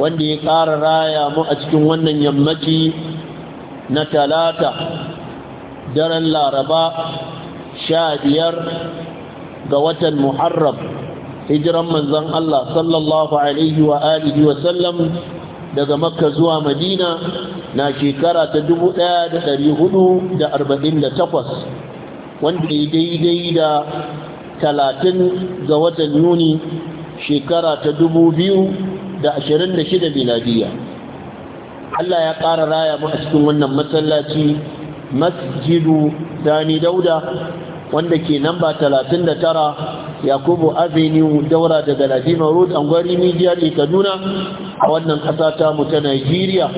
wanda ya ƙara raya mu a cikin wannan yammaci na talata daren laraba sha biyar ga watan muharram hijiran manzan Allah sallallahu alaihi wa alihi wa sallam daga makka zuwa madina na shekara ta 1448 wanda ya daidai da talatin ga watan yuni shekara ta 2000 da ashirin da shida miladiya Allah ya ƙara raya mu a cikin wannan masallaci masjidu dani dauda wanda ke namba talatin da tara yakubu avenue daura daga ladima road angwari media ne kaduna a wannan ƙasa ta mu ta nigeria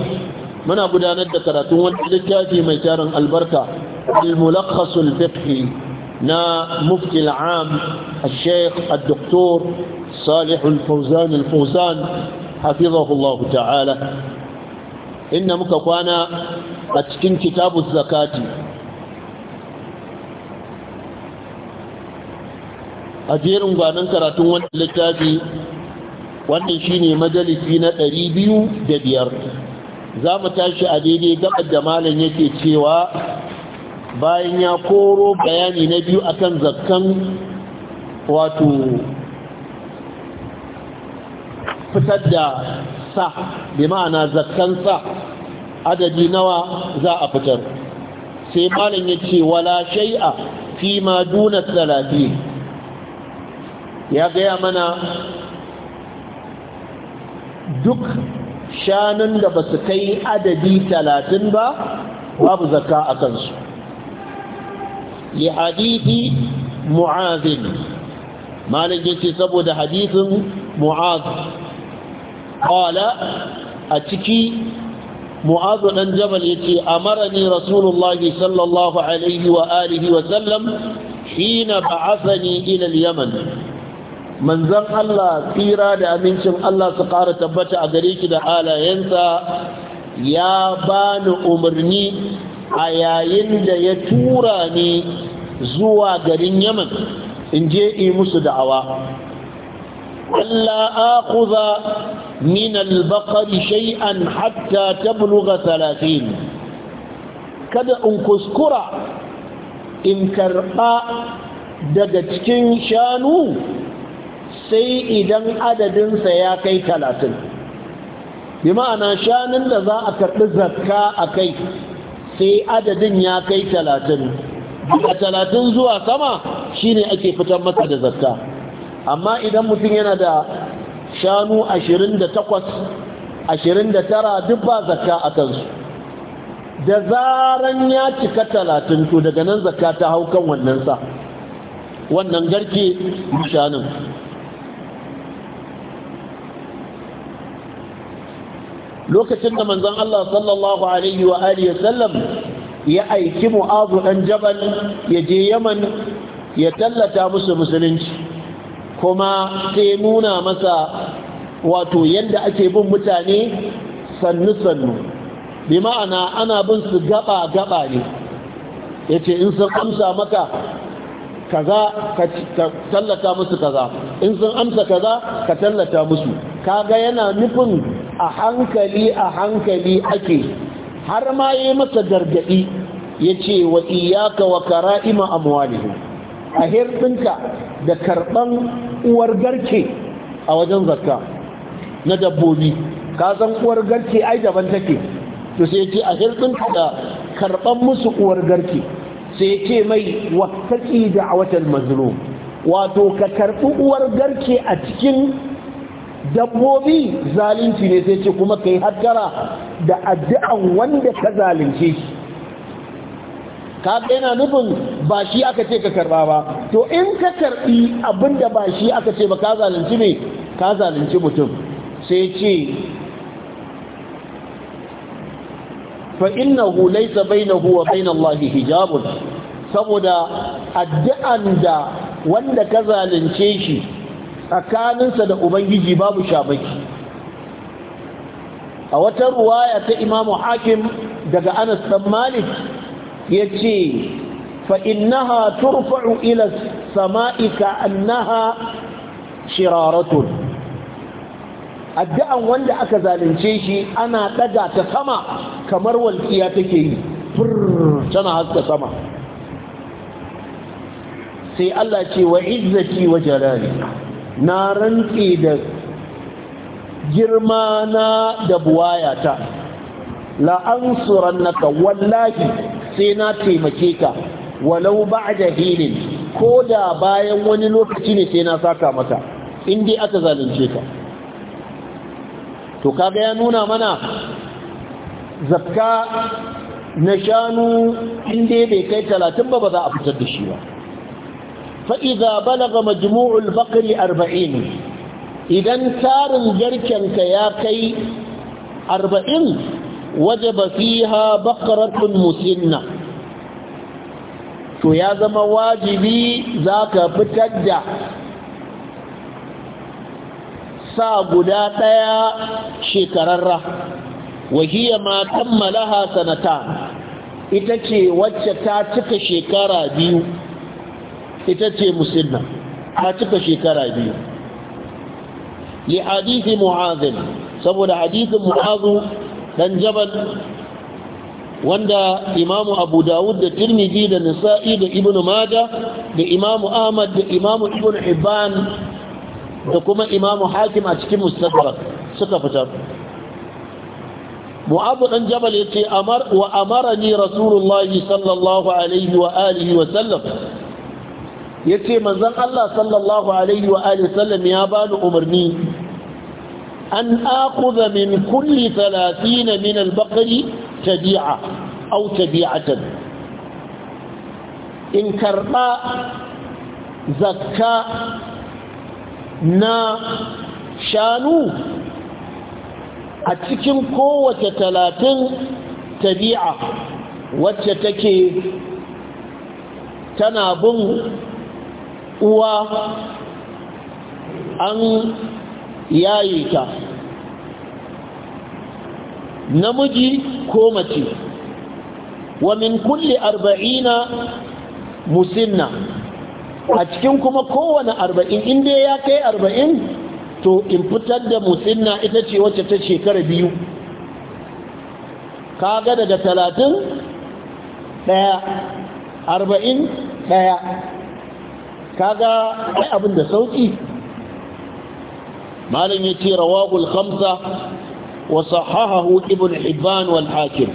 muna gudanar da karatun wanda littafi mai tarin albarka al-mulakhasul fiqhi na mufti al-am al-sheikh al-doktor salih fawzan al-fawzan hafizahullahu ta'ala inda muka kwana a cikin kitabun zakati a jerin gwanon karatun wannan littafi wannan shine majalisi na ɗari biyu da biyar. za mu tashi a daidai gabar da malam yake cewa bayan ya koro bayani na biyu akan zakkan wato fitar da sa bi ma'ana zakkan sa adadi nawa za a fitar sai malam ya ce wala shai'a fi ma duna salati ya gaya mana duk shanun da ba su kai adadi talatin ba babu zakka a kansu li hadithi mu'azin malik yace saboda hadithin mu'az qala a ciki mu'azu dan jabal yace amarani rasulullahi sallallahu alaihi wa alihi wa sallam hina ba'athani ila al-yaman manzon Allah tsira da amincin Allah su ƙara tabbata a gare ki da halayensa ya bani umarni a yayin da ya tura ni zuwa garin yaman in je yi musu da'awa ألا آخذ من البقر شيئا حتى تبلغ talatin, kada in kuskura in karɓa daga cikin shanu sai idan adadinsa ya kai talatin bi ma'ana shanun da za a karɓi zakka a kai sai adadin ya kai talatin a talatin zuwa sama shine ake fitar masa da zakka amma idan mutum yana da shanu 28 29 duk ba zakka a kansu da zaran ya cika talatin to daga nan zakka ta hau kan wannan sa wannan garke shanun lokacin da manzon Allah sallallahu alaihi wa alihi sallam ya aiki mu'azu dan jabal ya je yaman ya tallata musu musulunci kuma sai nuna masa wato yadda ake bin mutane sannu-sannu bi ma'ana ana bin su gaba-gaba ne ya ce in sun amsa maka kaza ka tallata musu kaza in sun amsa kaza ka tallata musu kaga yana nufin a hankali a hankali ake har ma yi masa gargadi ya ce wa iyaka wa kara'ima amwalihim a hirɗinka da karɓan uwar garke a wajen zakka na dabbobi ka san uwar garke ai daban take to sai yake a hirɗinka da karɓan musu uwar garke sai yake mai wattaki da a watan mazuru wato ka karɓi uwar garke a cikin dabbobi zalunci ne sai ce kuma ka yi hattara da addu'an wanda ka zalunce shi ka yana nufin ba shi aka ce ka karba ba to in ka karbi abin da ba shi aka ce ba ka zalunci ne ka zalunci mutum sai ce fa innahu laysa bainahu wa bain Allah hijabun saboda addu'an da wanda ka zalunce shi tsakaninsa da ubangiji babu shafaki a wata ruwaya ta imamu hakim daga anas dan malik ya ce fa'innaha turfa'u ila sama'i ka'annaha shiraratun addu'an wanda aka zalunce shi ana ɗaga ta sama kamar walƙiya take yi tana haska sama sai Allah ce wa izzati wa jalali na rantse da girma na da buwayata na ansurannaka wallahi sai na taimake ka walau da hilin ko da bayan wani lokaci ne sai na saka maka in dai aka zalunce ka to kaga ya nuna mana zakka na shanu in dai bai kai talatin ba ba za a fitar da shi ba fa'iza balaga majmu'ul bakari arba'in idan tarin jarkenka ya kai arba'in wajaba fiha baqaratun musinna to ya zama wajibi zaka fitar da sa guda ɗaya shekararra wahiya ma kammalaha sanata ita ce wacce ta cika shekara biyu ita ce musinna ta cika shekara biyu li hadisi mu'azin saboda hadisin mu'azu dan jabal wanda imamu abu dawud da tirmidhi da nisa'i da ibnu maja da imamu ahmad da imamu ibnu hibban da kuma imamu hakim a cikin mustadrak suka fitar mu'abu dan jabal yace amar wa amarani rasulullahi sallallahu alaihi wa alihi wa sallam yace manzon Allah sallallahu alaihi wa alihi sallam ya bani umarni أن آخذ من كل ثلاثين من البقر تبيعة أو تبيعة إن كربا زكا نا شانو أتكن قوة ثلاثين تبيعة وتتكي تنابن uwa an yaye ta namiji ko mace wa min kulli arba'ina musinna a cikin kuma kowane arba'in inda ya kai arba'in to in fitar da musinna ita ce wacce ta shekara biyu kaga daga talatin ɗaya arba'in ɗaya kaga ai abin da sauki. malam yace rawagul khamsa wa sahahahu ibn hibban wal hakim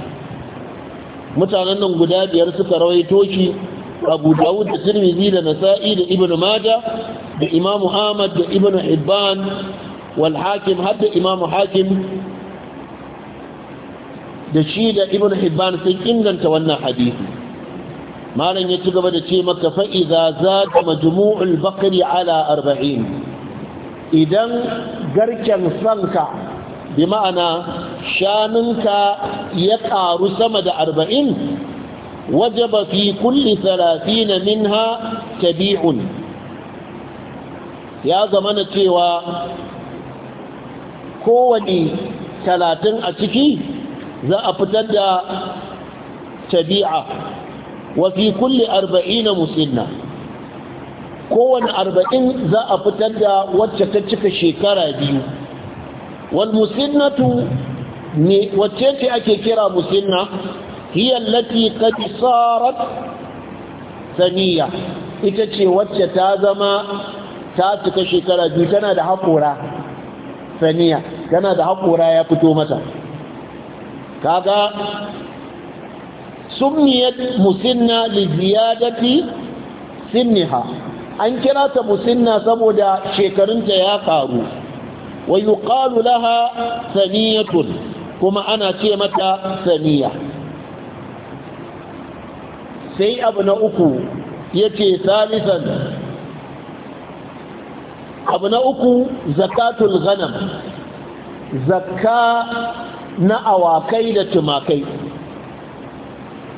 mutanen nan guda biyar suka rawaito shi abu dawud da tirmidhi da nasa'i da ibn majah da imam ahmad da ibn hibban wal hakim har da imam hakim da shi da ibn hibban sun inganta wannan hadisi malam ya ci gaba da ce maka fa'iza za ta majmu'ul bakari ala arba'in idan garken sanka bi ma'ana shanunka ya ƙaru sama da arba'in ba fi kulli talatina minha tabi'un ya zama na cewa kowane talatin a ciki za a fitar da tabi'a wa fi kulli arba'ina musinna kowane arba'in za a fitar da wacce ta cika shekara biyu wal musinnatu ne wacce ce ake kira musinna hiya allati qad sarat saniya ita ce wacce ta zama ta cika shekara biyu tana da haƙora saniya tana da haƙora ya fito mata kaga summiyat musinna li ziyadati sinniha an kira ta musinna saboda shekarunta ya karu wa yuqalu laha saniyatun kuma ana ce mata saniya sai abu na uku yace salisan abu na uku zakatul ghanam zakka na awakai da tumakai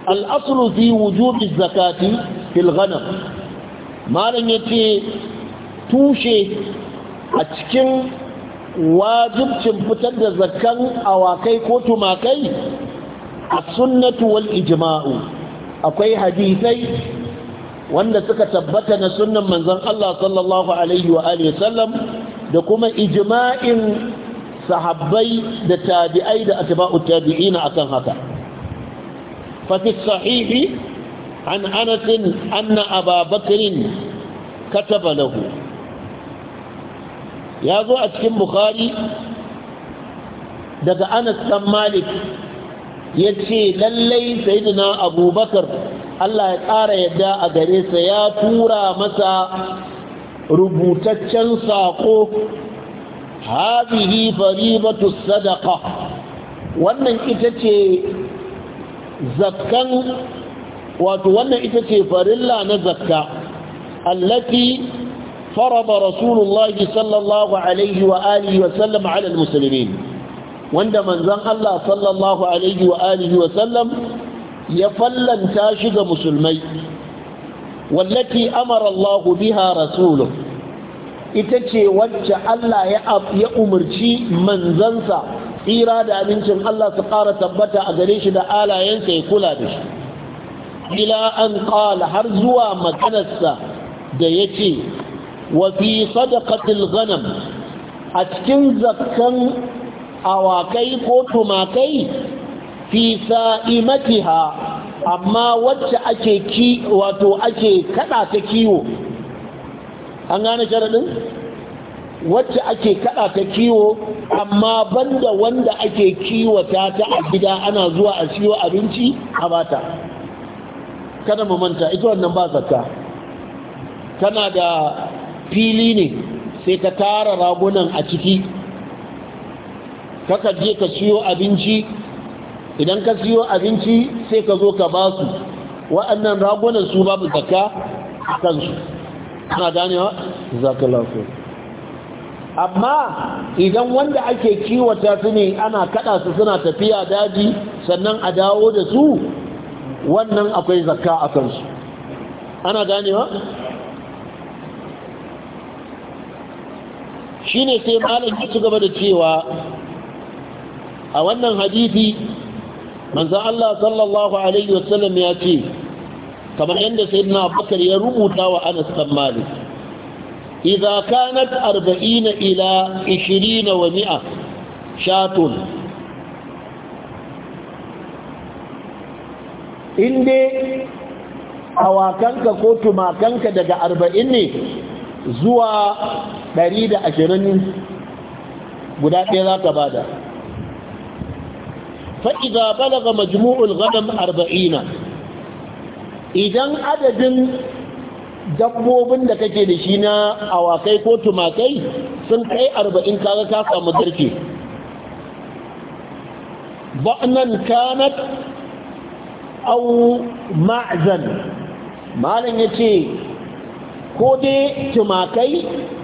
al'asru fi wujubi zakati fil ghanam malam ya ce tushe a cikin wajibcin fitar da zakan awakai ko tumakai a sunnatu wal ijma'u akwai hadisai wanda suka tabbata na sunnan manzon Allah sallallahu alaihi wa alihi sallam da kuma ijma'in sahabbai da tabi'ai da atba'u tabi'ina akan haka fafi sahihi عن أنس أن أبا بكر كتب له يا ذو أتكم daga anas dan malik ya ce lallai sayidina abubakar allah ya ƙara yadda a gare sa ya tura masa rubutaccen saƙo hazihi faribatu sadaka wannan ita ce zakkan wato wannan ita ce farilla na zakka allati farada rasulullah sallallahu alaihi wa alihi wa sallam ala almuslimin wanda manzon Allah sallallahu alaihi wa alihi wa sallam ya fallanta shi ga musulmai wallati amara Allah biha rasuluhu ita ce wacce Allah ya umarci manzansa tsira da abincin Allah su ƙara tabbata a gare shi da alayensa ya kula da shi ila an qala har zuwa maganarsa da yake wa fi sadaqatil ghanam a cikin zakkan awakai ko tumakai fi sa'imatiha amma wacce ake ki wato ake kada ta kiwo an gane sharadin wacce ake kada ta kiwo amma banda wanda ake kiwata ta a gida ana zuwa a siyo abinci a bata kada mu manta ita wannan ba zakka kana da fili ne sai ka tara ragunan a ciki kaka je ka siyo abinci idan ka siyo abinci sai ka zo ka ba su wa'annan ragunan su babu zakka a kansu kana ganewa zaka lafiya amma idan wanda ake kiwata su ne ana kada su suna tafiya daji sannan a dawo da su wannan akwai zakka a kansu ana ganewa shi ne sai malam ya ci gaba da cewa a wannan hadithi manzan Allah sallallahu Alaihi wasallam ya ce kamar yadda sayyidina Abubakar ya rubuta wa Anas bin Malik idza kanat 40 ila 20 wa 100 shatun in dai awakanka ko tumakanka daga arba'in ne zuwa ɗari da ashirin guda ɗaya za ka bada fa'iza balaga majmu'ul gadon arba'ina idan adadin dabbobin da kake da shi na awakai ko tumakai sun kai arba'in kaga ka samu garke ba'anan kanat au ma'zan malam yace ko dai tumakai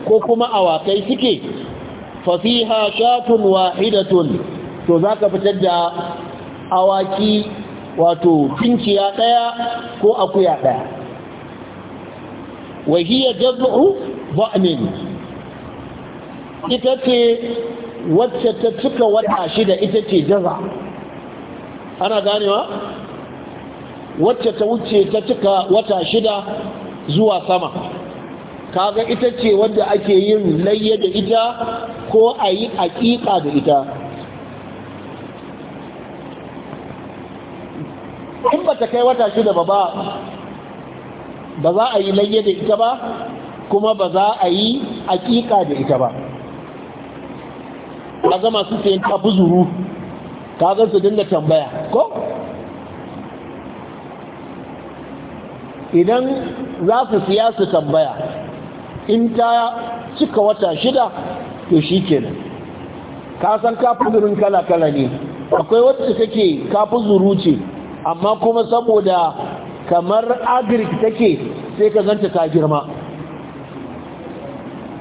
ko kuma awakai suke fafiha shatun wahidatun to za fitar da awaki wato tinciya ɗaya ko akuya wa hiya jazu ba'amin ita ce wacce ta cika wata shida ita ce jaza ana ganewa wacce ta wuce ta cika wata shida zuwa sama kaga ita ce wadda ake yin layya da ita ko a yi aƙiƙa da ita in ba ta kai wata shida ba za a yi layya da ita ba kuma ba za a yi aƙiƙa da ita ba zama su sayan tafi zuru kaga su dinga tambaya ko idan za su siya su tambaya in ta cika wata shida to shi kenan ka san kafuzurin kala-kala ne akwai wacce take zuru ce amma kuma saboda kamar agirik take sai ka zanta ta girma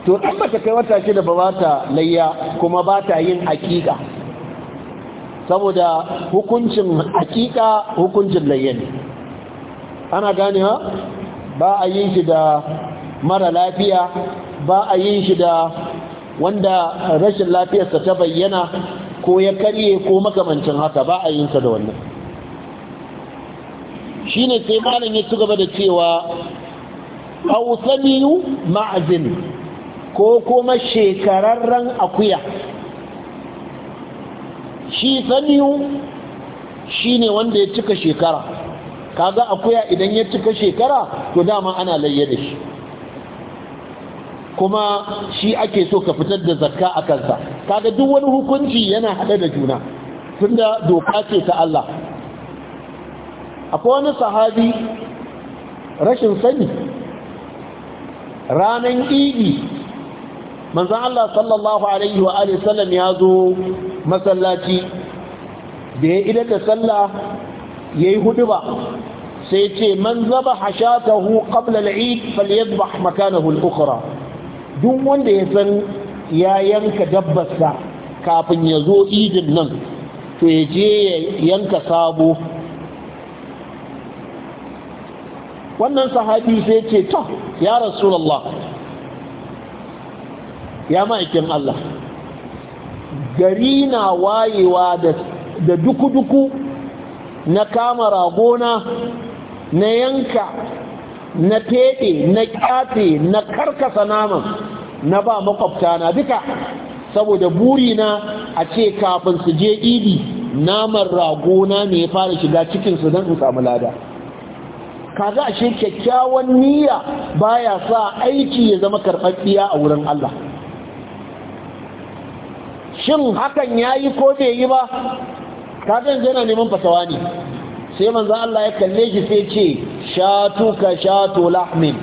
to ɗan ba ta kai wata shida ba ba ta layya kuma ba ta yin hakika saboda hukuncin hakika hukuncin layya ne ana ganewa ba a yin shi da mara lafiya ba a yin shi da wanda rashin lafiyarsa ta bayyana ko ya karye ko makamancin haka ba a yin sa da wannan shine sai malam ya ci gaba da cewa ausaniyu ma'azin ko kuma shekararren akuya shi saniyu ne wanda ya cika shekara kaga akuya idan ya cika shekara to dama ana layya da shi kuma shi ake so ka fitar da zakka a kansa kaga duk wani hukunci yana haɗe da juna tunda doka ce ta Allah akwai wani sahabi rashin sani ranan idi manzan Allah sallallahu alaihi wa alihi sallam ya zo masallaci da ya idar da sallah yayi hudu ba sai ce man zaba hashatahu qabla al-eid falyadhbah makanahu al-ukhra duk wanda ya san ya yanka dabbarsa kafin ya zo idin nan to ya je ya yanka sabo wannan sahabi sai ce to ya rasulullah ya ma'aikin Allah gari na wayewa da duku-duku na kama ragona na yanka na teɗe na ƙyafe na karkasa naman na ba makwabta na duka saboda burina a ce kafin su je idi naman ragona ne ya fara shiga cikinsu don in samu lada kaga ashe kyakkyawan niyya baya sa aiki ya zama karfafiya a wurin Allah shin hakan yayi ko bai yi ba kaga yanzu neman fasawa ne sai manzan Allah ya kalle shi sai ce shatu ka shatu lahmin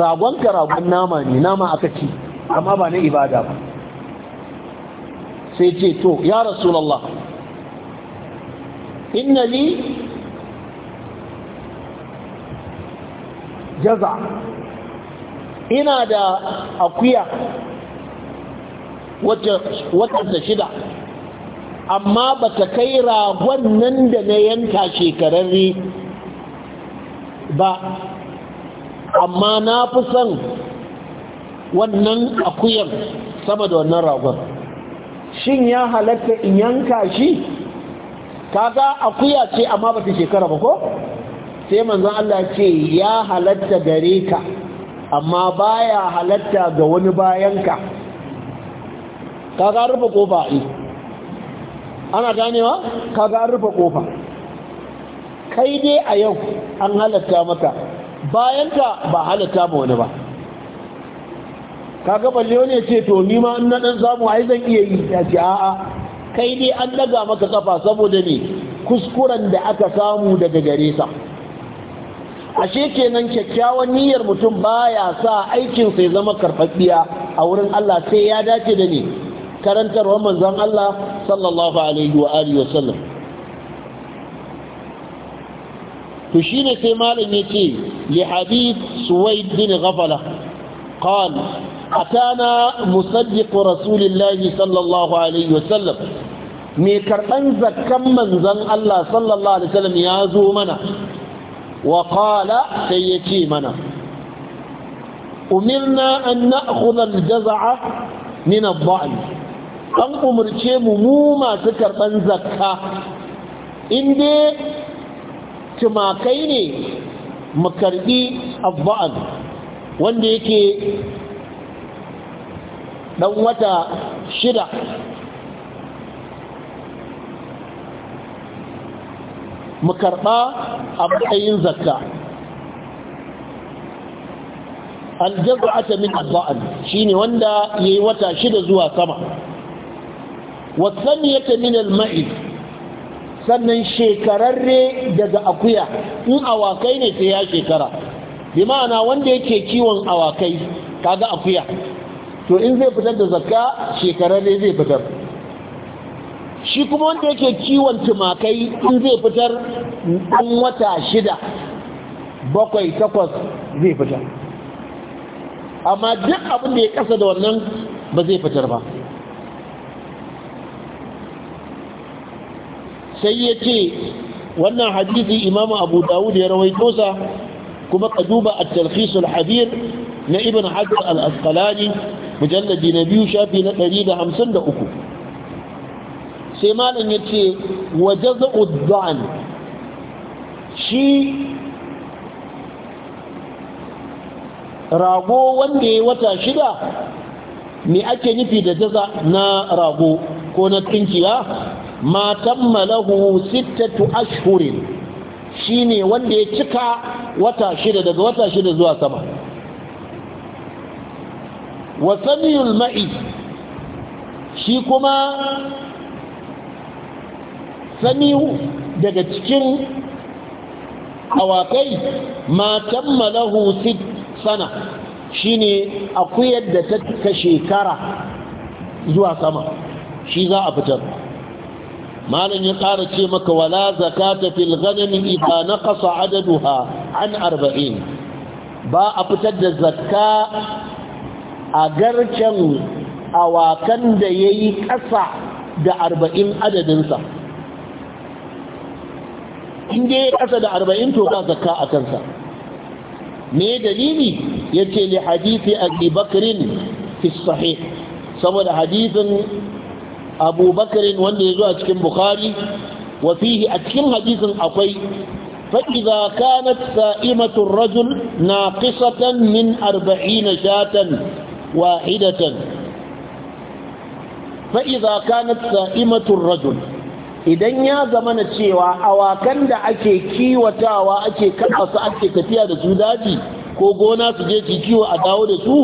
ragon ka ragon nama ne nama aka ci amma ba na ibada ba sai ce to ya rasulallah inna li jaza ina da akuya wata shida amma ba ta kai ragon nan da na yanka shekararri ba amma na fi son wannan akuyar sama da wannan ragon shin ya halatta in yanka shi kaga akuya ce amma ba ta shekara ba ko sai manzan Allah ce ya halatta gare ka amma baya halatta ga wani bayanka kaga rufe ko ba'i ana ganewa kaga an rufe kofa kai dai a yau an halatta maka bayanta ba halatta ba wani ba kaga balle wani ya ce to ni ma na dan samu ai zan iya yi ya ce a'a kai dai an daga maka kafa saboda ne kuskuren da aka samu daga gare sa ashe kenan kyakkyawan niyyar mutum baya sa aikin sai zama karfafiya a wurin Allah sai ya dace da ni karantarwar manzan Allah sallallahu alaihi wa alihi wasallam shi ne sai malam yace li hadith suwaid bin ghafala qal atana musaddiq rasulillah sallallahu alaihi wasallam me karban zakkan manzan Allah sallallahu alaihi wasallam ya zo mana wa qala sai yace mana umirna an na'khudha al-jaz'a min ad-dha'n an umarce mu mu masu karɓar zakka inda tumakai ne mu karɓi abba'an wanda yake ɗan wata shida mu karɓa a matsayin zakka aljabu'ata min shi ne wanda ya yi wata shida zuwa sama wasaniyata min al-ma'id sannan shekararre daga akuya in awakai ne sai ya shekara bi ma'ana wanda yake kiwon awakai kaga akuya to in zai fitar da zakka shekararre zai fitar shi kuma wanda yake kiwon tumakai in zai fitar ɗan wata shida bakwai takwas zai fitar amma duk abin da ya kasa da wannan ba zai fitar ba sai ya ce wannan hadisi imamu abu dawud ya rawaito sa kuma ka duba at-talkhisul hadir na ibn hajar al-asqalani mujalladi na biyu shafi na 153 sai malam ya ce wa jazu'ud shi rago wanda ya wata shida me ake nufi da jaza na rago ko na tunkiya ma tamma lahu sittatu ashhurin shine wanda ya cika wata shida daga wata shida zuwa sama wa samiyul ma'i shi kuma samiyu daga cikin awakai ma tamma lahu sana shine akuyar da ta shekara zuwa sama shi za a fitar malam ya ƙara ce maka wala zakata fil ghanami idza naqasa adaduha an 40 ba a fitar da zakka a garken awakan da yayi ƙasa da 40 adadin sa in dai ƙasa da 40 to ka zakka a kansa me dalili yace li hadisi abi bakrin fi sahih saboda hadisin abu wanda ya zo a cikin bukhari wa a cikin hadisin akwai fa'iza kanat sa'imatun rajul na kisatan min arba'ina shatan wahidatan fa'iza kanat sa'imatun rajul idan ya zama na cewa awakan da ake kiwatawa ake kaɗa su ake tafiya da su daji ko gona su je su kiwo a dawo da su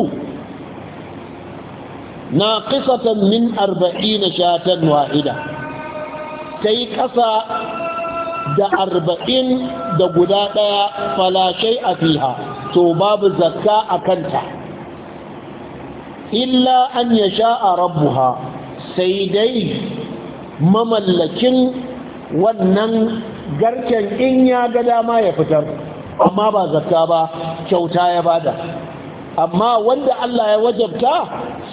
naqisatan min 40 shatan wahida sai kasa da 40 da guda daya falashai a fiha to babu zakka a kanta illa an yasha'a rabbuha sai dai mamallakin wannan garken in ya ga dama ya fitar amma ba zakka ba kyauta ya bada amma wanda Allah ya wajabta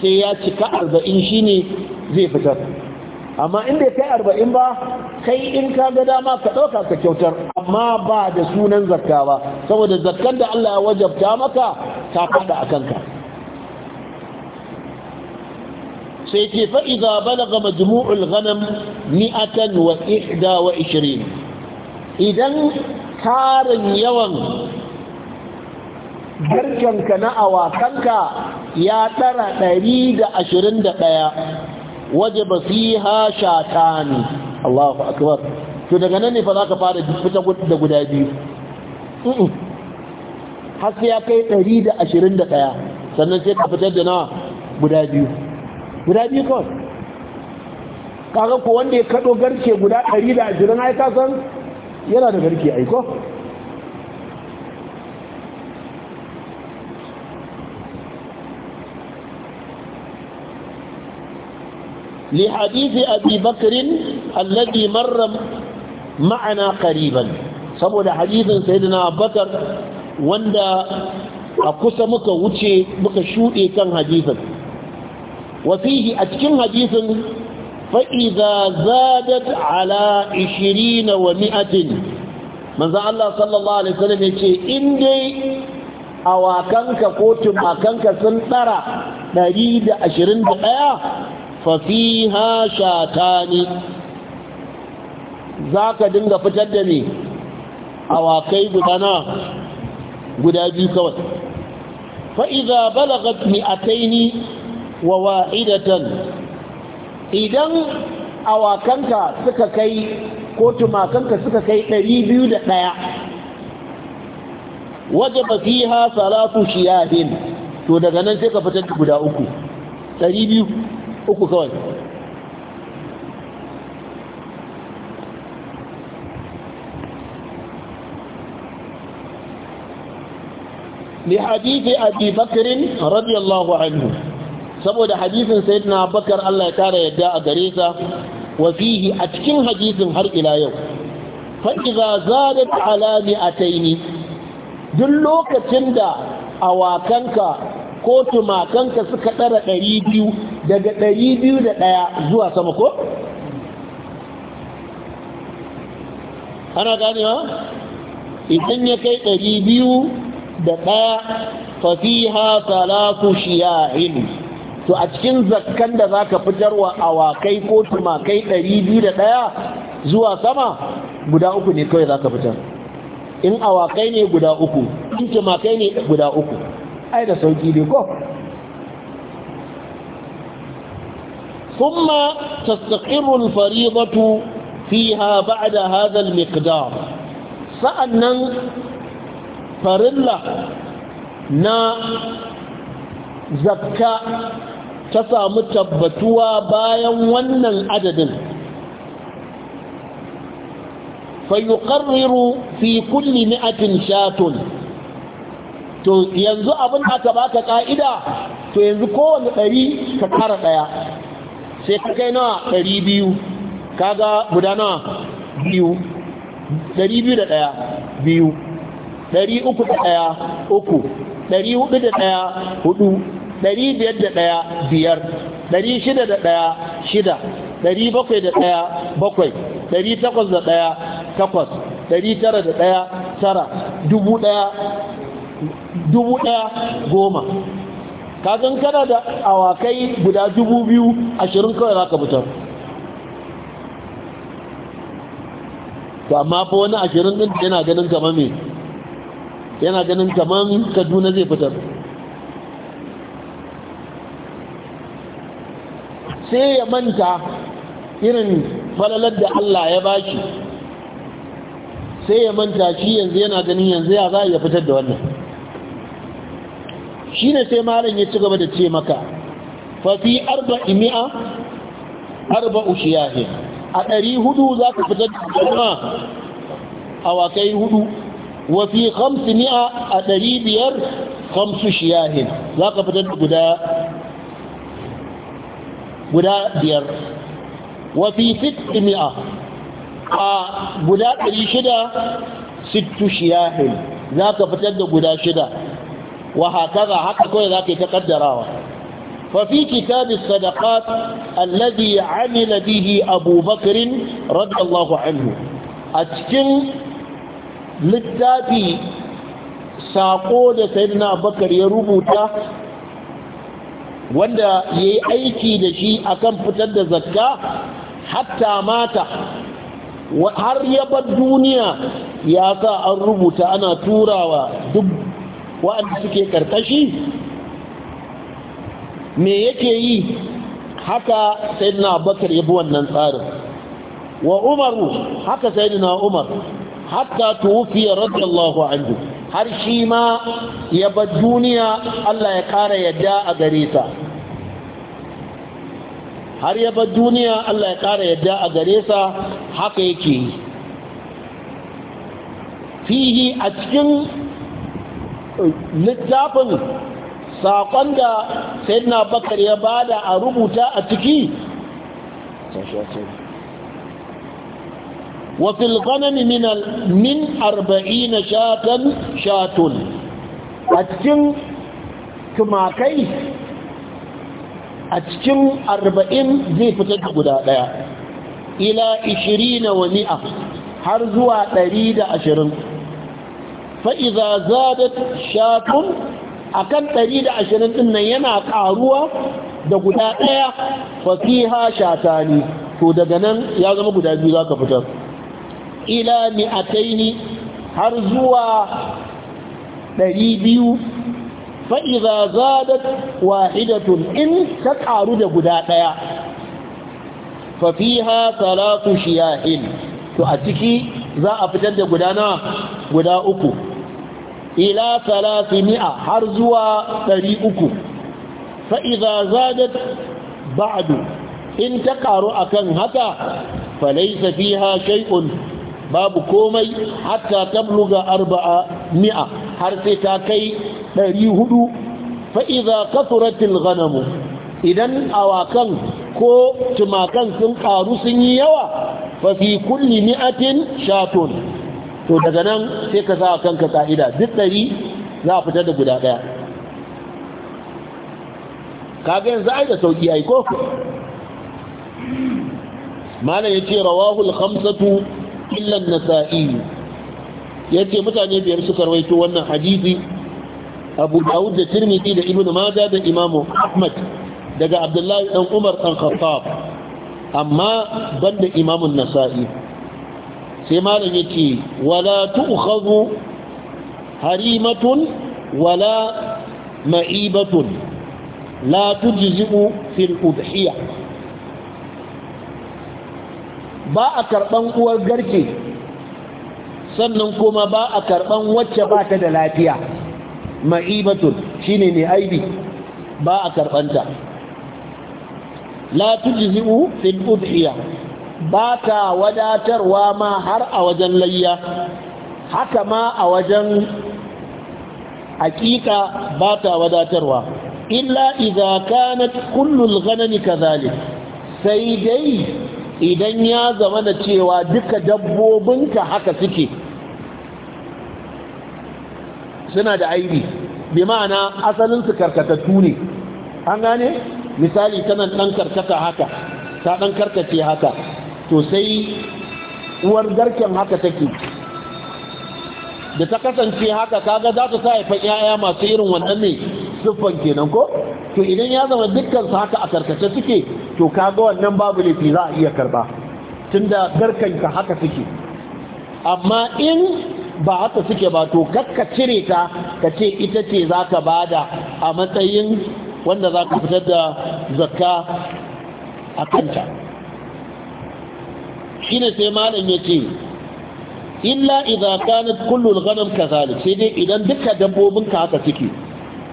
sai ya cika arba'in shine zai fitar amma in bai kai arba'in ba kai in ka ga dama ka ɗauka ka kyautar amma ba da sunan zakka ba saboda zakkan da Allah ya wajabta maka ta faɗa a kanka sai ke fa'iza balaga majmu'ul ghanam mi'atan wa ihda wa ishirin idan karin yawan garkenka na awakanka ya ɗara ɗari da ashirin da ɗaya waje ba su yi ha ne. Allahu akbar to daga nan ne fa za ka fara fita da guda biyu har ya kai ɗari da ashirin da ɗaya sannan sai ka fitar da nawa guda biyu guda biyu kawai kaga ko wanda ya kaɗo garke guda ɗari da ashirin ai ka san yana da garke aiko لحديث أبي بكر الذي مر معنا قريبا سبب حديث سيدنا أبو بكر وندا أقصى مكا وشي مكا شوئي كان حديثا وفيه أتكن حديثا فإذا زادت على عشرين ومئة manzo Allah sallallahu alaihi wasallam yace in dai awakanka ko tumakanka sun dara 121 fafiha shatani za ka dinga fitar da ne awakai gudana guda biyu kawai fa'iza balagat mi'ataini wa wa'idatan idan awakanka suka kai ko tumakanka suka kai ɗari biyu da ɗaya waje ba fi ha salatu shiyahin to daga nan sai ka fitar da guda uku ɗari biyu uku kawai لحديث أبي بكر رضي saboda hadisin sayyidina bakar Allah ya kara yadda a gare sa wa fihi a cikin hadisin har ila yau fa idza zadat ala mi'ataini duk lokacin da awakanka ko tumakanka suka ɗara ɗari biyu daga ɗari biyu da ɗaya zuwa sama ko? ana ba? idan ya kai ɗari biyu da ɗaya fafiha salatu shiyahin to a cikin zakkan da za ka fitar wa awakai ko tumakai ɗari biyu da ɗaya zuwa sama guda uku ne kawai za ka fitar in awakai ne guda uku in tumakai ne guda uku ai sauki ثم تستقر الفريضة فيها بعد هذا المقدار سألنا فرلا نا زكا تسا متبتوا بايا ونن عدد فيقرر في كل مئة شاتل to yanzu abin da aka baka ka'ida to yanzu kowane ɗari ka kara ɗaya sai ka kai nawa ɗari biyu kaga guda nawa biyu ɗari biyu da ɗaya biyu ɗari uku da ɗaya uku ɗari hudu da ɗaya hudu ɗari biyar da ɗaya biyar ɗari shida da ɗaya shida ɗari bakwai da ɗaya bakwai ɗari takwas da ɗaya takwas ɗari tara da ɗaya tara dubu ɗaya dubu ɗaya goma kagan kana da awakai guda dubu biyu ashirin kawai za ka fitar to amma fa wani ashirin ɗin yana ganin kamar mai yana ganin kamar kaduna zai fitar sai ya manta irin falalar da Allah ya baki sai ya manta shi yanzu yana ganin yanzu ya za iya fitar da wannan shine sai malam ya ci gaba da ce maka fa fi arba'imi'a arba ushiyahi a ɗari hudu za ka fita da jama'a wakai hudu wa fi mi'a a ɗari biyar khamsu shiyahi za ka fita da guda guda biyar wa fi mi'a a guda ɗari shida sittu shiyahin za ka fitar da guda shida wa hakaza haka kawai za ka ta kaddarawa ففي كتاب الصدقات الذي عمل به أبو بكر رضي الله عنه أتكن للتابي ساقود سيدنا بكر يربوتا wanda ya yi aiki da shi akan fitar da zakka hatta mata har ya duniya ya sa an rubuta ana turawa duk wa'anda suke karkashi me yake yi haka sayyidina abubakar ya bi wannan tsarin wa umaru haka sayyidina umar hatta tuwfiya radiyallahu anhu har shi ma ya bar duniya Allah ya kara yadda a gare sa. har ya bar duniya Allah ya kara yadda a gare sa haka yake yi fihi a cikin littafin saƙon da sayidina bakar ya bada a rubuta a ciki wafil ƙanani min arba'i na shatan shatun a cikin tumakai a cikin arba'in zai fita da guda ɗaya ila ishirina wani a har zuwa ɗari da ashirin fa'iza zadat shatun a kan 120 ɗin nan yana ƙaruwa da guda ɗaya fasiha shatani to daga nan ya zama guda biyu za ka fitar ila mi'ataini har zuwa 200 fa'iza zadat wahidatun in ta ƙaru da guda ɗaya fafiha talatu shiyahin to a ciki za a fitar da guda na guda uku ila mi'a har zuwa ɗari uku fa'iza zadat ba'adu in ta ƙaru a kan haka falaisa ha shay'un babu komai hatta tabluga arba'a mi'a har sai ta kai ɗari hudu fa'iza kasuratil ganamu idan awakan ko tumakan sun ƙaru sun yi yawa fafi kulli mi'atin shatun to daga nan sai ka sa a kanka ka'ida duk ɗari za a fitar da guda ɗaya kaga yanzu ai da sauki aiko? malam ya ce al-khamsatu illa an-nasa'i ce mutane biyar suka rawaito wannan hadisi Abu Dawud da Tirmidhi da ibnu Majah da Imam Ahmad daga Abdullahi dan Umar dan Khattab amma banda Imam nasai sai malam ce wala tu'khadhu harimatun wala ma'ibatun la tujzi'u fil udhiyah ba a karban uwar garke sannan kuma ba a karban wacce ba ta da lafiya ma'ibatun shine mai aibi ba a karbanta la tujzi'u fil udhiyah ba ta wadatarwa ma har a wajen layya haka ma a wajen hakika ba ta wadatarwa illa idza kanat kullul ghanami kadhalik sai dai idan ya zama da cewa duka dabbobinka haka suke suna da aibi bi ma'ana asalin su karkatattu ne an gane misali tana dan karkata haka ta dan karkace haka to sai uwar garken haka take da ta kasance haka kaga za ta sa ya yaya masu irin wannan ne siffan kenan ko to idan ya zama dukkan su haka a karkace suke to kaga wannan babu laifi za a iya karba tunda garkan ka haka suke amma in ba haka suke ba to kakka cire ta ka ce ita ce za ka bada a matsayin wanda za ka fitar da zakka a kanta ne sai malam ya ce, illa idza kanat kullum al-ghanam kadhalik sai dai idan duka dabbobin ka haka suke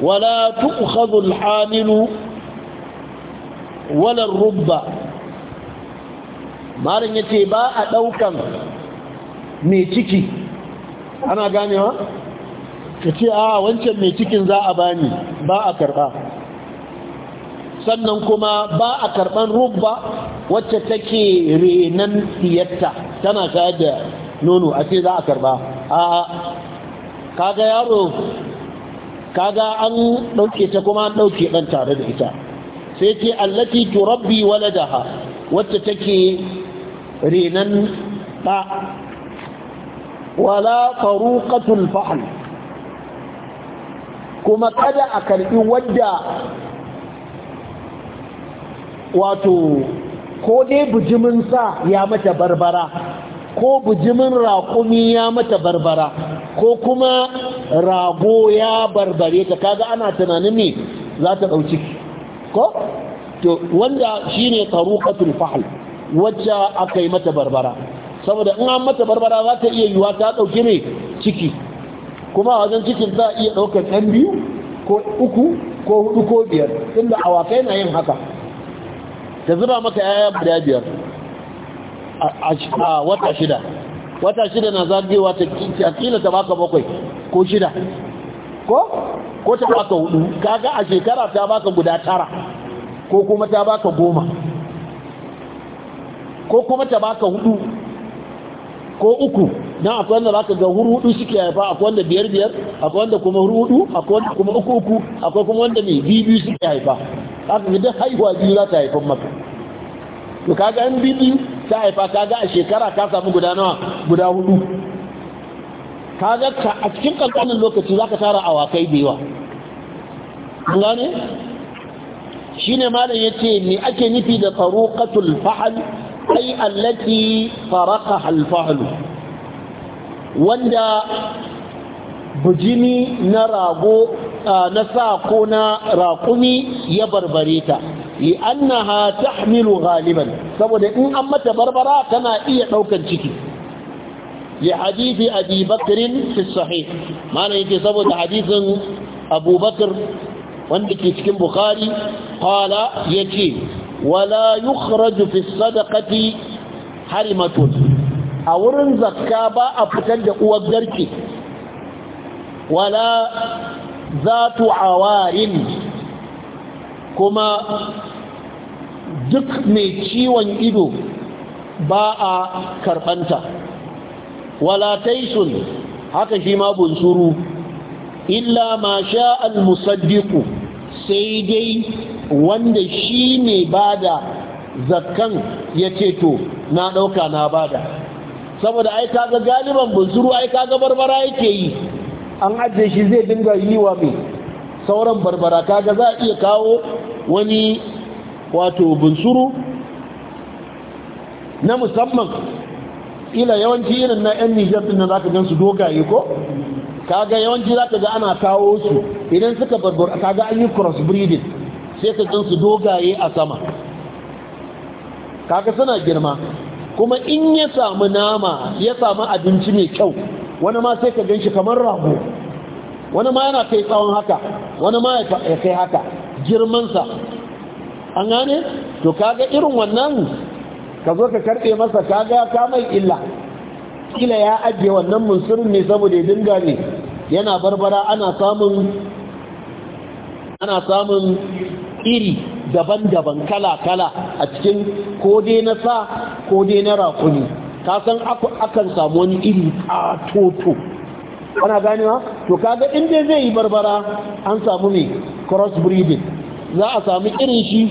wala tu'khadhu al-hamilu wala rubba malam ya ce ba a daukan mai ciki ana ganewa ka ce a wancan mai cikin za a bani ba a karba sannan kuma ba a karban rubba wacce take renan diyatta tana shayar da nono a ce za a karba a kaga yaro kaga an ɗauke ta kuma an ɗauke ɗan tare da ita sai ce allati turabbi waladaha wacce take renan ɗa wala faruqatul fahl kuma kada a karbi wadda wato ko dai bujimin sa ya mata barbara ko bujimin raƙumi ya mata barbara ko kuma rago ya barbare ta kaga ana tunanin ne za ta ɗauki ko? to wanda shi ne tarukatul fahal wacce aka yi mata barbara saboda in an mata barbara za ta iya yiwa ta ɗauki ne ciki kuma a wajen cikin za a iya ɗaukar ɗan biyu ko uku ko hudu ko biyar tunda awakai na yin haka ta zuba maka yaya guda biyar a wata shida wata shida na zagewa ta kila ta baka bakwai ko shida ko ko ta baka hudu kaga a shekara ta baka guda tara ko kuma ta baka goma ko kuma ta baka hudu ko uku dan akwai wanda zaka ga hudu suke haifa akwai wanda biyar biyar akwai wanda kuma hudu akwai wanda kuma uku uku akwai kuma wanda ne biyu biyu suke haifa haka ga duk haihuwa biyu za ta haifa maka to kaga an biyu ta haifa kaga a shekara ka samu guda nawa guda hudu kaga a cikin kankanin lokaci zaka tara awakai da yawa kun gane shine malam yace me ake nufi da faruqatul fahl ay allati faraqaha al fahl wanda bujimi na rago na sa ko na raƙumi ya barbare ta ta hamilu galiban saboda in an mata barbara tana iya ɗaukan ciki li hadisi abi bakr fi sahih mana yake saboda hadisin Abubakar wanda ke cikin bukhari qala yace wala yukhraju fi sadaqati harimatun a wurin zakka ba a fitar da uwar garke wala zatu awarin kuma duk mai ciwon ido ba a karɓanta wala taisun haka shi ma bunsuru illa ma sha al-musaddiqu sai dai wanda shi ne bada zakkan ya ce to na ɗauka na bada saboda ai kaga galiban bunsuru ai kaga barbara yake yi an ajiye shi zai dinga yi wa mai sauran barbara kaga za a iya kawo wani wato bunsuru na musamman ila yawanci irin na 'yan nijar din za ka gansu dogaye ko kaga yawanci za ka ga ana kawo su idan suka barbara kaga an yi cross breeding sai ka gansu dogaye a sama kaga suna girma kuma in ya samu nama ya samu abinci mai kyau wani ma sai ka gan shi kamar rago wani ma yana kai tsawon haka wani ma ya kai haka girmansa an gane to kaga irin wannan ka zo ka karɓe masa kaga ka mai illa kila ya ajiye wannan munsurin ne saboda ya dinga ne yana barbara ana samun ana samun iri daban-daban kala-kala a cikin ko dai na sa ko na rakuni ka san akan samu wani iri katoto ana ganewa to kaga inda zai yi barbara an samu mai cross breeding za a samu irin shi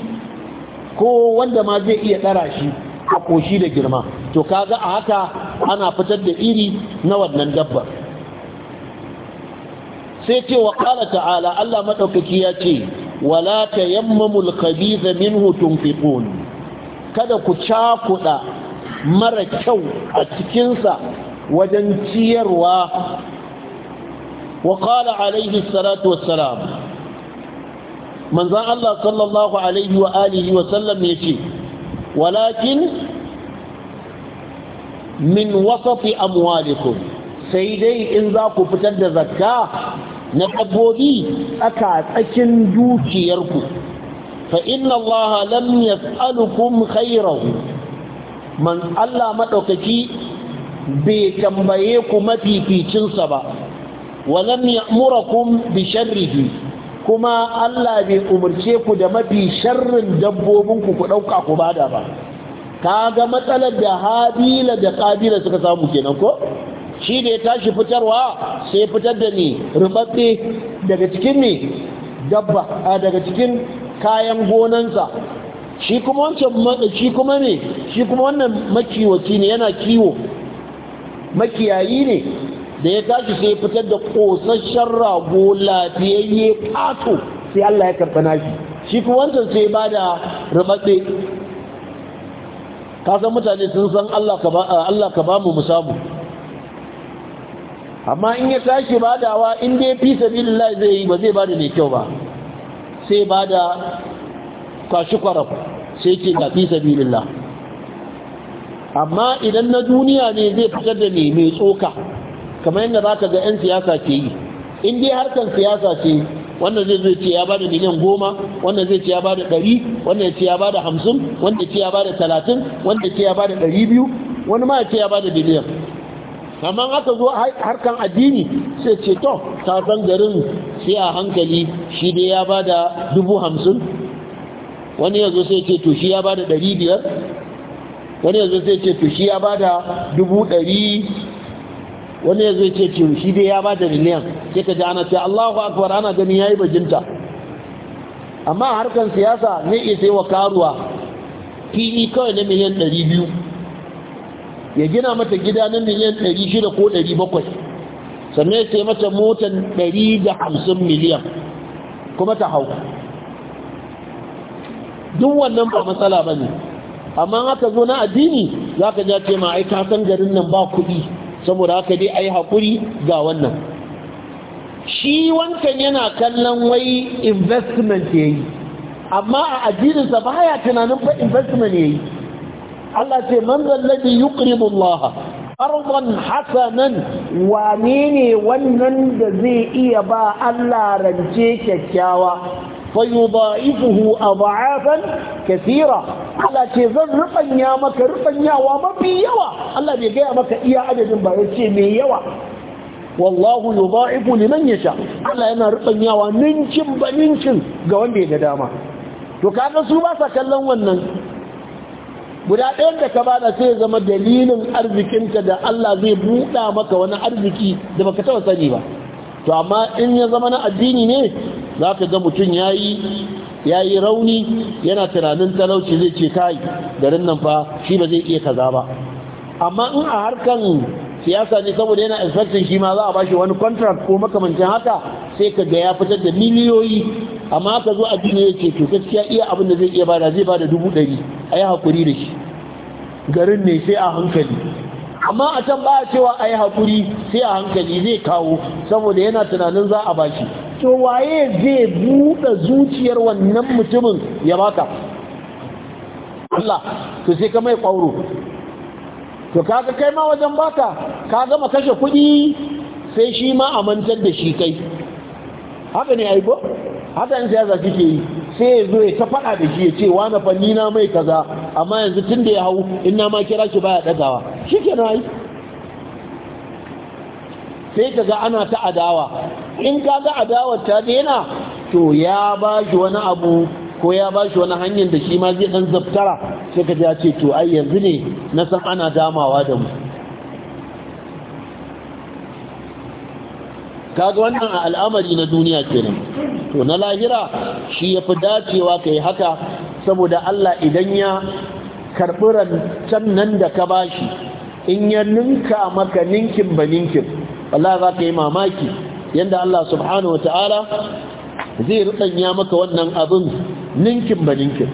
ko wanda ma zai iya ɗara shi a koshi da girma to kaga a haka ana fitar da iri na wannan dabbar sai ce wa ta'ala Allah maɗaukaki ya ce wala tayammamul khabitha minhu tunfiqun kada ku cakuda mara kyau a cikinsa wajen ciyarwa wa qala alaihi salatu wassalam manzon Allah sallallahu alaihi wa alihi wa sallam yace walakin min wasati amwalikum sai dai in za ku fitar da zakka na dabbobi aka tsakin dukiyarku fa inna Allah lam yas'alukum khayrahu man Allah madaukaki bai tambaye ku mafificinsa ba wa lam ya'murakum bi sharrihi kuma Allah bai umurce ku da mafi sharrin dabbobinku ku dauka ku bada ba kaga matsalar da Habila da Qabila suka samu kenan ko shi da ya tashi fitarwa sai fitar da ni rubabbe daga cikin ne dabba daga cikin kayan gonansa shi kuma wancan shi kuma ne shi kuma wannan makiwaci ne yana kiwo makiyayi ne da ya tashi sai fitar da kosasshen rago lafiyayye kato sai Allah ya karɓa nashi shi kuma wancan sai ba da rubabbe ka san mutane sun san Allah ka ba mu samu. amma in ya tashi badawa in dai fi sabilillah zai yi ba zai bada mai kyau ba sai bada kwashi kwaraf sai ke ga fi sabilillah amma idan na duniya ne zai fitar da ne mai tsoka kamar yadda za ka ga 'yan siyasa ke yi in dai harkar siyasa ce wannan zai zai ce ya bada da miliyan goma wannan zai ce ya bada ɗari wannan ce ya bada da hamsin wanda ce ya bada da talatin wanda ce ya bada ɗari biyu wani ma ya ce ya bada da miliyan amma aka zo harkan addini sai ce to sabon garin sai a hankali shi dai ya ba da dubu hamsin wani yanzu sai ce to shi ya ba da ɗari biyar wani yanzu sai ce to shi ya ba da dubu ɗari wani yanzu ce to shi dai ya ba da miliyan sai ka ji ana ce allahu akbar ana gani ya yi bajinta amma harkan siyasa ne isa wa karuwa fili e kawai na miliyan ɗari biyu ya gina mata gida na miliyan 600 ko 700 sannan ya sai mata motan 150 miliyan kuma ta hau duk wannan ba matsala ba ne amma haka zo na addini za ka ja ce ma garin nan ba kuɗi saboda haka dai ai hakuri ga wannan shi wankan yana kallon wai investment ya yi amma a addininsa ba ya tunanin ba investment ya yi Allah ce man zallabi yuqridu Allah ardan hasanan wane ne wannan da zai iya ba Allah rance kyakkyawa fayudaifuhu adhafan kathira Allah ce zan rubanya maka rubanyawa mafi yawa Allah bai gaya maka iya adadin ba yace yawa wallahu yudaifu liman yasha Allah yana rubanyawa ninkin ba ga wanda ya ga dama to kaga su ba sa kallon wannan guda ɗaya da ka bada sai zama dalilin arzikinta da Allah zai buɗa maka wani arziki da baka taɓa sani ba to amma in ya zama na addini ne za ka ga mutum ya yi rauni yana tunanin talauci zai ce kai garin nan fa shi ba zai iya kaza ba amma in a harkan siyasa ne saboda yana expecting shi ma za a bashi wani contract ko makamancin haka sai ka ga ya fitar da miliyoyi amma ka zo a duniya ce to gaskiya iya abin da zai iya bada zai bada dubu ɗari a yi haƙuri da shi garin ne sai a hankali amma a can ba cewa a yi haƙuri sai a hankali zai kawo saboda yana tunanin za a bashi to waye zai buɗe zuciyar wannan mutumin ya baka Allah to sai ka mai ƙwauro to kaga kai ma wajen baka ka gama kashe kuɗi sai shi ma a mantar da shi kai haka ne aibo haka in siyasa kike yi sai ya zo ya ta faɗa da shi ya ce wani fanni na mai kaza amma yanzu tun da ya hau in na ma kira shi baya ɗagawa shi ke na sai ka ana ta adawa in ka ga adawar ta daina to ya ba shi wani abu ko ya ba shi wani hanyar da shi ma zai ɗan zaftara sai ka ya ce to ai yanzu ne na san ana damawa da mu kaga wannan a al'amari na duniya kenan to na lahira shi yafi dacewa yi haka saboda Allah idan ya karɓi rancen nan da ka bashi in ya ninka maka ninkin ba ninkin Allah za ka yi mamaki yadda Allah subhanahu wa ta'ala zai ruɗanya maka wannan abin ninkin ba ninkin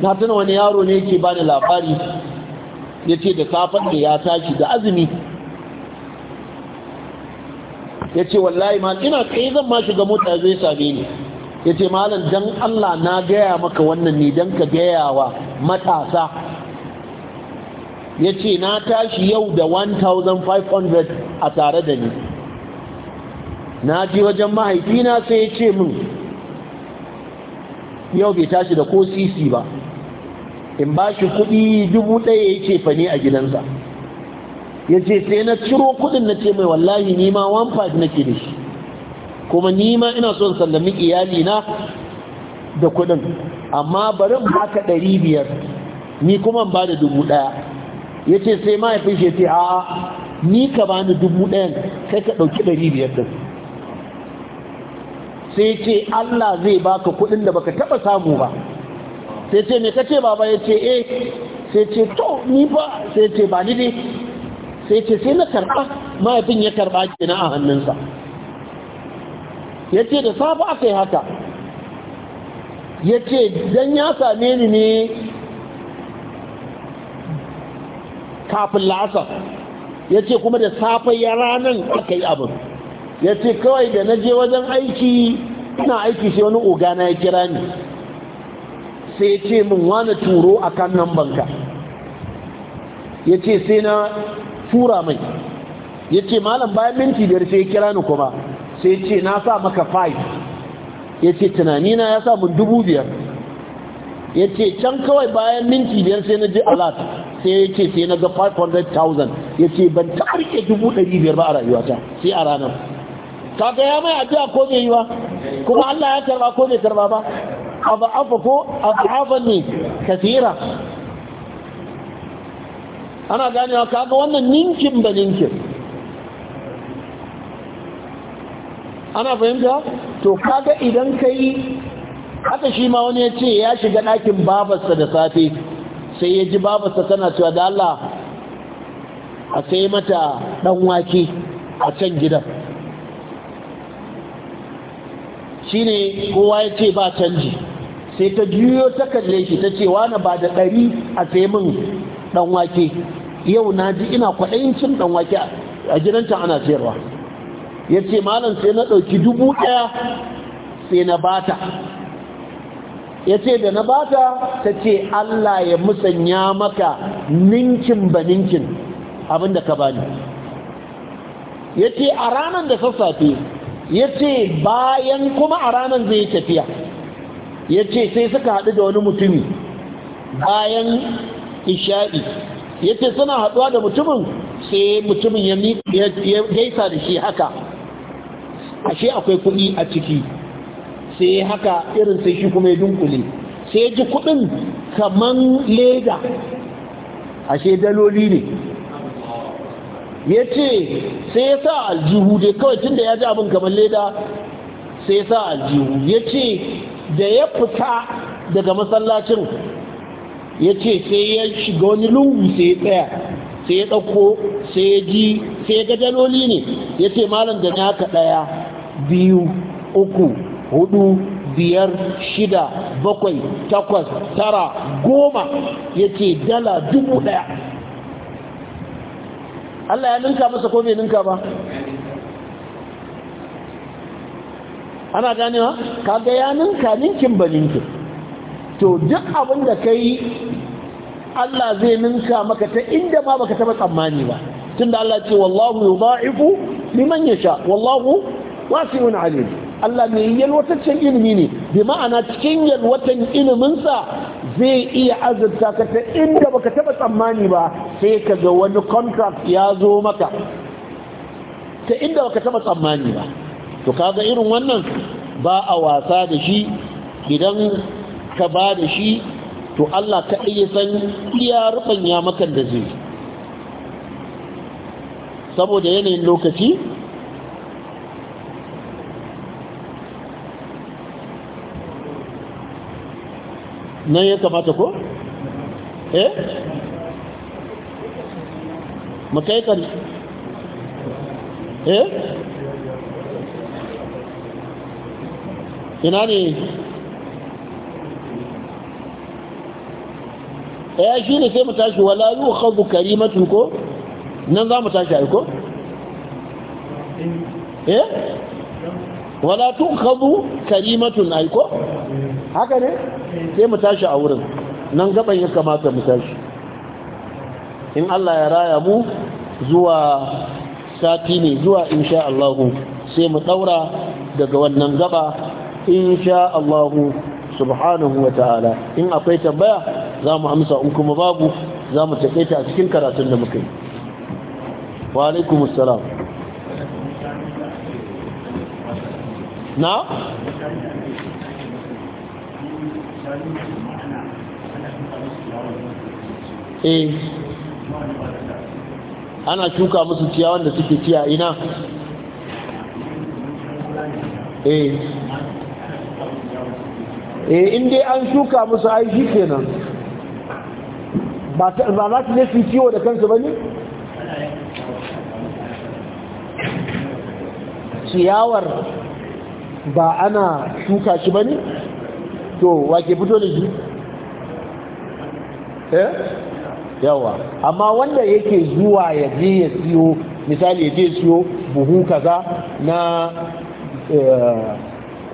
na tuna wani yaro ne yake bani labari ya ce da safon da ya tashi da azumi ya ce wallahi ma ina tsaye zan ma shiga mota zai same ni ya ce malam don allah na gaya maka wannan ne don ka gaya wa matasa ya ce na tashi yau da 1500 a tare da ni na ji wajen mahaifina sai ya ce min yau bai tashi da ko sisi ba in ba shi kuɗi dubu ɗaya ya ce fane a gidansa ya ce sai na ciro kuɗin na ce mai wallahi nima one five nake da shi kuma nima ina son sallami iyali na da kuɗin amma bari in baka ɗari biyar ni kuma ba da dubu ɗaya ya ce sai mahaifin shi ya ce a ni ka bani dubu ɗayan kai ka ɗauki ɗari biyar ɗin sai ce Allah zai baka kuɗin da baka taba samu ba sai ce me kace baba ya ce eh sai ce to ni ba sai ce ba ni ne sai ce sai na karɓa mahaifin ya karba kenan a hannunsa ya ce da safe aka yi haka ya ce don ya same ni ne kafin lasa ya ce kuma da safe ya ranar aka yi abin ya ce kawai da na je wajen aiki ina aiki sai wani ogana ya kira ni sai ya ce min wani turo a kan nan banka ya ce sai na tura mai ya ce malam bayan minti biyar sai ya kira ni kuma sai ya ce na sa maka 5 ya ce tunanina ya sa mun dubu biyar ya ce can kawai bayan minti biyar sai na ji alat sai ya ce sai na ga 500,000 ya ce ban tarike dubu 500,000 ba a rayuwata sai a ranar kaga ya mai addu'a ko bai yi ba kuma Allah ya karba ko bai karba ba abu afa ko abu afa ne kasira ana ganewa kaga wannan ninkin ba ninkin ana fahimta to kaga idan ka yi haka shi ma wani ya ce ya shiga ɗakin babarsa da safe sai ya ji babarsa tana cewa da Allah a sai mata ɗan wake a can gidan Shi ne kowa ya ce ba canji sai ta juyo ta kalle shi ta ce wani ba da ɗari a sai min ɗan wake yau na ji ina kwaɗayin cin ɗan wake a gidanta ana sayarwa ya ce malam sai na ɗauki dubu ɗaya sai na bata ya ce da na bata ta ce Allah ya musanya maka ninkin ba ninkin abinda ka bani ya ce a ranar da sassafe ya ce bayan kuma a ranar zai tafiya ya ce sai suka haɗu da wani mutumi bayan isha'i ya ce suna haɗuwa da mutumin sai mutumin ya gaisa da shi haka ashe akwai kuɗi a ciki sai haka irin sai shi kuma ya dunkule sai ji kuɗin kaman leda ashe daloli ne ya ce sai ya sa aljihu dai kawai tun da ya ji abin kamar leda sai ya sa aljihu ya ce da ya fita daga masallacin ya ce sai ya shiga wani lungu sai ya tsaya sai ya ɗauko sai ya ji sai ya gajaloli ne ya ce malam da ya ka ɗaya biyu uku hudu biyar shida bakwai takwas tara goma ya ce dala dubu ɗaya Allah ya ninka masa ko bai ninka ba ana ganewa kaga ya ninka ninkin ba ninkin to duk abin da kai Allah zai ninka maka ta inda ma baka taba tsammani ba tunda Allah ya ce wallahu yudha'ifu liman yasha wallahu wasi'un alim Allah mai yalwataccen ilimi ne bi ma'ana cikin yalwatan iliminsa zai iya azurta ka ta inda baka taba tsammani ba sai ka ga wani contract ya zo maka ta inda baka taba tsammani ba to kaga irin wannan ba a wasa da shi idan ka ba da shi to Allah ka iya san iya rubanya makan da zai saboda yanayin lokaci nan ya kamata ko? eh? makaikan eh? ina ne ya eh, shi ne sai mu tashi wala yi wa hagu karimatun ko? nan za mu tashi aiko? eh? wala tun hagu karimatun aiko? haka ne? sai mu tashi a wurin nan gaban ya kamata mu tashi in Allah ya raya mu zuwa sati ne zuwa insha Allah sai mu daura daga wannan gaba insha Allah subhanahu wa ta'ala in akwai tambaya za mu amsa in kuma babu za mu taƙaita a cikin karatun da muka yi wa salam. na eh ana shuka musu ciyawan da suke ciya ina eh eh inda an shuka musu aiki kenan ba za su ne su ciwo da kansu ba ne? ciyawar ba ana shuka shi ba ne? to wake fito da shi eh yawa amma wanda yake zuwa ya je ya siyo misali ya je siyo buhu kaza na eh,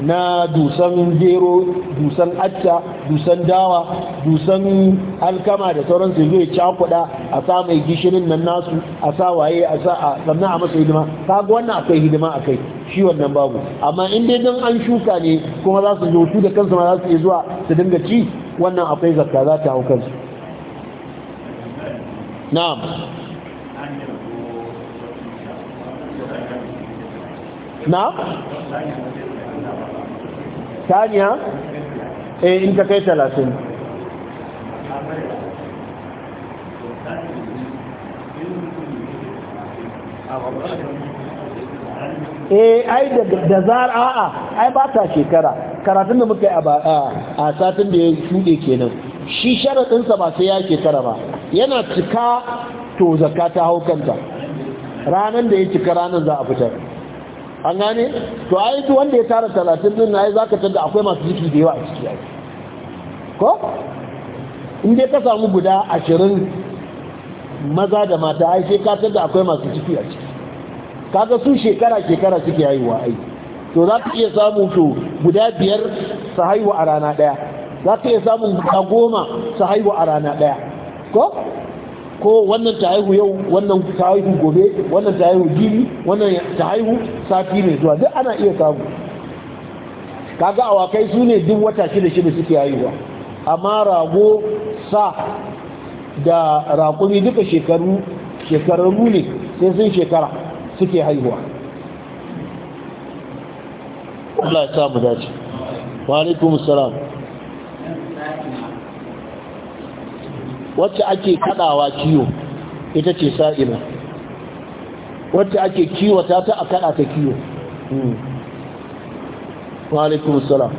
na dusan gero dusan acca dusan dawa dusan alkama da sauransu zai cakuda a sa mai gishirin nan nasu a sa waye a sa a sannan a masa hidima kaga wannan akai hidima akai shi wannan babu amma in dai dan an shuka ne kuma za su zo su da kansu ma za su iya zuwa su dinga ci wannan akwai zakka za ta hau kansu na'am na'am tanya eh in ka kai talatin eh ai da a a ai ba ta shekara karatun da muka yi a satin da ya shuɗe kenan shi sharaɗinsa ba sai ya shekara ba yana cika to zakka ta haukanta ranar da ya cika ranar za a fitar an gane to a yi wanda ya tara talatin din na za ka tada akwai masu ziki da yawa a ciki ai ko in ka samu guda ashirin maza da mata ai sai ka tada akwai masu ciki a ciki kaga su shekara shekara suke haihuwa ai to za ka iya samu to guda biyar su haihu a rana daya za ka iya samun guda goma su haihu a rana daya ko ko wannan ta haihu yau wannan ta haihu gobe wannan ta haihu gini wannan ta haihu sati ne zuwa duk ana iya samu kaga awakai su ne duk wata shida shida suke haihuwa amma rago sa da raƙumi duka shekaru shekararru ne sai sun shekara suke haihuwa Allah ya samu dace wa alaikum salam wacce ake kadawa kiyo ita ce sa'ila wacce ake kiwo ta a kada ta kiyo hmm. wa alaikum salam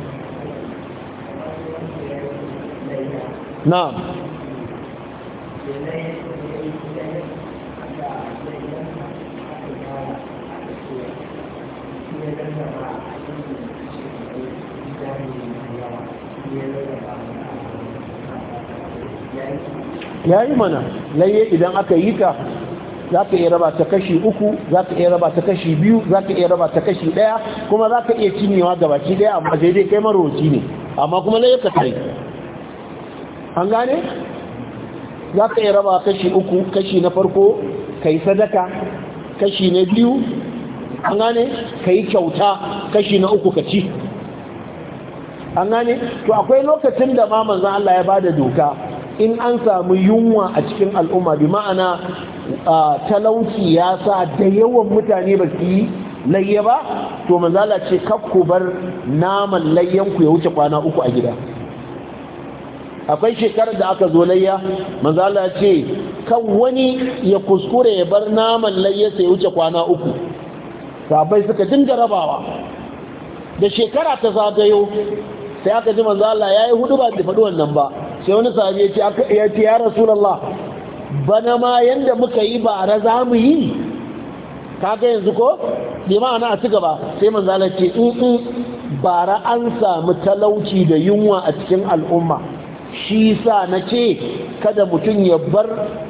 na'am Yeah. ya yi mana laye idan aka yi ta za ka iya raba ta kashi uku za ka iya raba ta kashi biyu za ka iya raba ta kashi ɗaya kuma za ka iya cinyewa gabaci ɗaya amma daidai kai maroci ne amma kuma laye ka tare an gane za ka iya raba kashi uku kashi na farko ka yi sadaka kashi na biyu an gane ka yi kyauta kashi na uku ka ci an gane to akwai lokacin da ma manzan Allah ya bada doka in an samu yunwa a cikin al'umma bi ma'ana talauci ya sa da yawan mutane ba su yi layya ba to manzala ce ku bar naman layyanku ya wuce kwana uku a gida akwai shekarar da aka zo layya manzala ce kan wani ya kuskure ya bar naman layya sai ya wuce kwana uku sabai suka dinga rabawa da shekara ta zagayo sai aka ji manzala ya yi hudu ba da faɗi wannan ba sai wani sahabi ya ce ya ce ya rasulullah bana ma yanda muka yi ba ra za mu yi kaga yanzu ko bi ma'ana a sai manzo Allah ce in mm, mm, bara an samu talauci da yunwa a cikin al'umma shi sa na ce kada mutum ya bar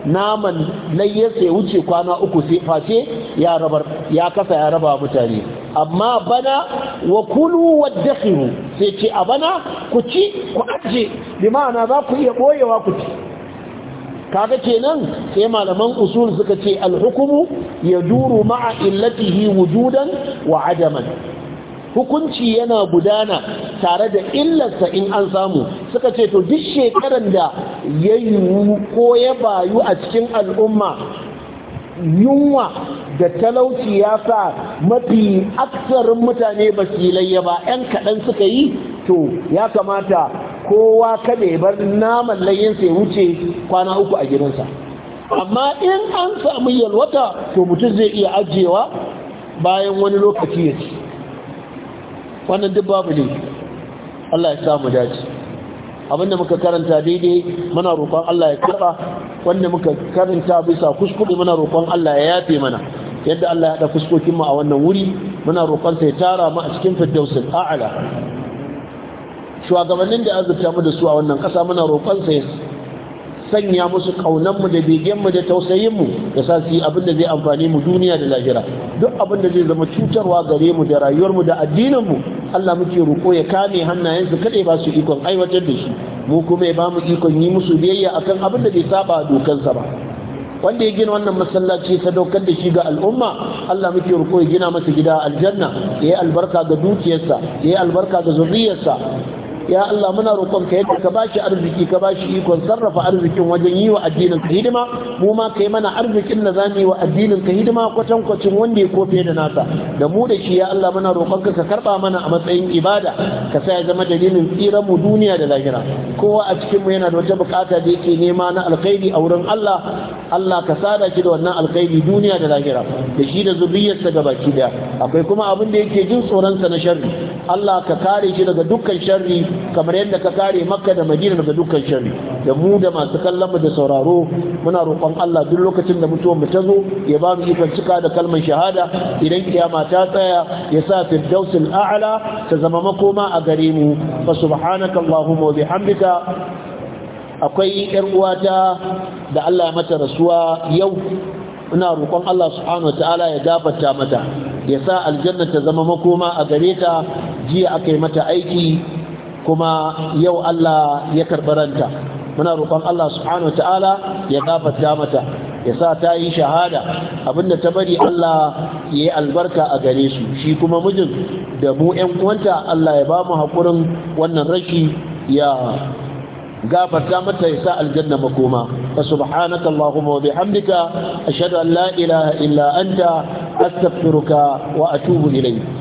naman layyarsa ya wuce kwana uku sai face ya rabar ya kasa ya raba mutane amma bana wa kulu waddakhiru sai ce a bana ku ci ku aje bi ma'ana za ku iya boyewa ku ci kaga kenan sai malaman usul suka ce alhukumu ya duru ma'a illatihi wujudan wa adaman hukunci yana gudana tare da illarsa in an samu suka ce to duk shekarar da ya yiwu ko ya bayu a cikin al'umma yunwa da talauci ya sa mafi aksarin mutane ba su layya ba 'yan kaɗan suka yi to ya kamata kowa kada ya bar naman layinsa ya wuce kwana uku a gidansa amma in an samu yalwata to mutum zai iya ajiyewa bayan wani lokaci ya ci wannan duk babu ne Allah ya samu dace abinda muka karanta daidai muna roƙon Allah ya karba wanda muka karanta bisa kuskure muna roƙon Allah ya yafe mana yadda Allah ya haɗa kuskokin mu a wannan wuri muna roƙon ya tara mu a cikin firdausul a'la shugabannin da azurta mu da su a wannan ƙasa muna roƙon ya sanya musu kaunanmu da begenmu da tausayinmu da sa su yi abin da zai amfani mu duniya da lahira duk abin da zai zama cutarwa gare mu da rayuwarmu da addininmu Allah muke roƙo ya kame hannayensu kaɗai ba su ikon aiwatar da shi mu kuma ya ba mu ikon yi musu biyayya akan abin da bai saba dokansa ba wanda ya gina wannan masallaci sadaukar da shi ga al'umma Allah muke roƙo ya gina masa gida aljanna ya yi albarka ga dukiyarsa ya yi albarka ga zuriyarsa ya Allah muna roƙon ka yadda ka bashi arziki ka bashi ikon sarrafa arzikin wajen yi wa addinin ka hidima mu ma kai mana arzikin da zamu yi wa addinin ka hidima kwatan kwacin wanda ya kofe da nasa da mu da shi ya Allah muna roƙon ka ka karba mana a matsayin ibada ka sa ya zama dalilin tsiran mu duniya da lahira kowa a cikin mu yana da wata bukata da yake nema na alkhairi a wurin Allah Allah ka sada shi da wannan alkhairi duniya da lahira da shi da zuriyarsa gabaki daya akwai kuma abin da yake jin tsoron sa na sharri Allah ka kare shi daga dukkan sharri kamar yadda ka kare makka da madina daga dukkan shari da mu da masu kallon mu da sauraro muna roƙon Allah duk lokacin da mutuwar mu ta zo ya ba mu ikon cika da kalmar shahada idan kiyama ta tsaya ya sa firdausul a'la ta zama makoma a gare mu fa subhanaka allahumma wa bihamdika akwai yar uwata da Allah ya mata rasuwa yau ina roƙon Allah subhanahu wa ta'ala ya gafarta mata ya sa aljanna ta zama makoma a gare ta jiya aka yi mata aiki kuma yau Allah ya karɓi ranta muna roƙon Allah subhanahu ta'ala ya gafarta mata ya sa ta yi shahada abinda ta bari Allah ya yi albarka a gare su shi kuma mijin da mu 'yan uwanta Allah ya ba mu haƙurin wannan rashi ya gafarta mata ya sa aljanna makoma fa subhanaka allahumma wa bihamdika ashhadu an la ilaha illa anta astaghfiruka wa atubu ilayk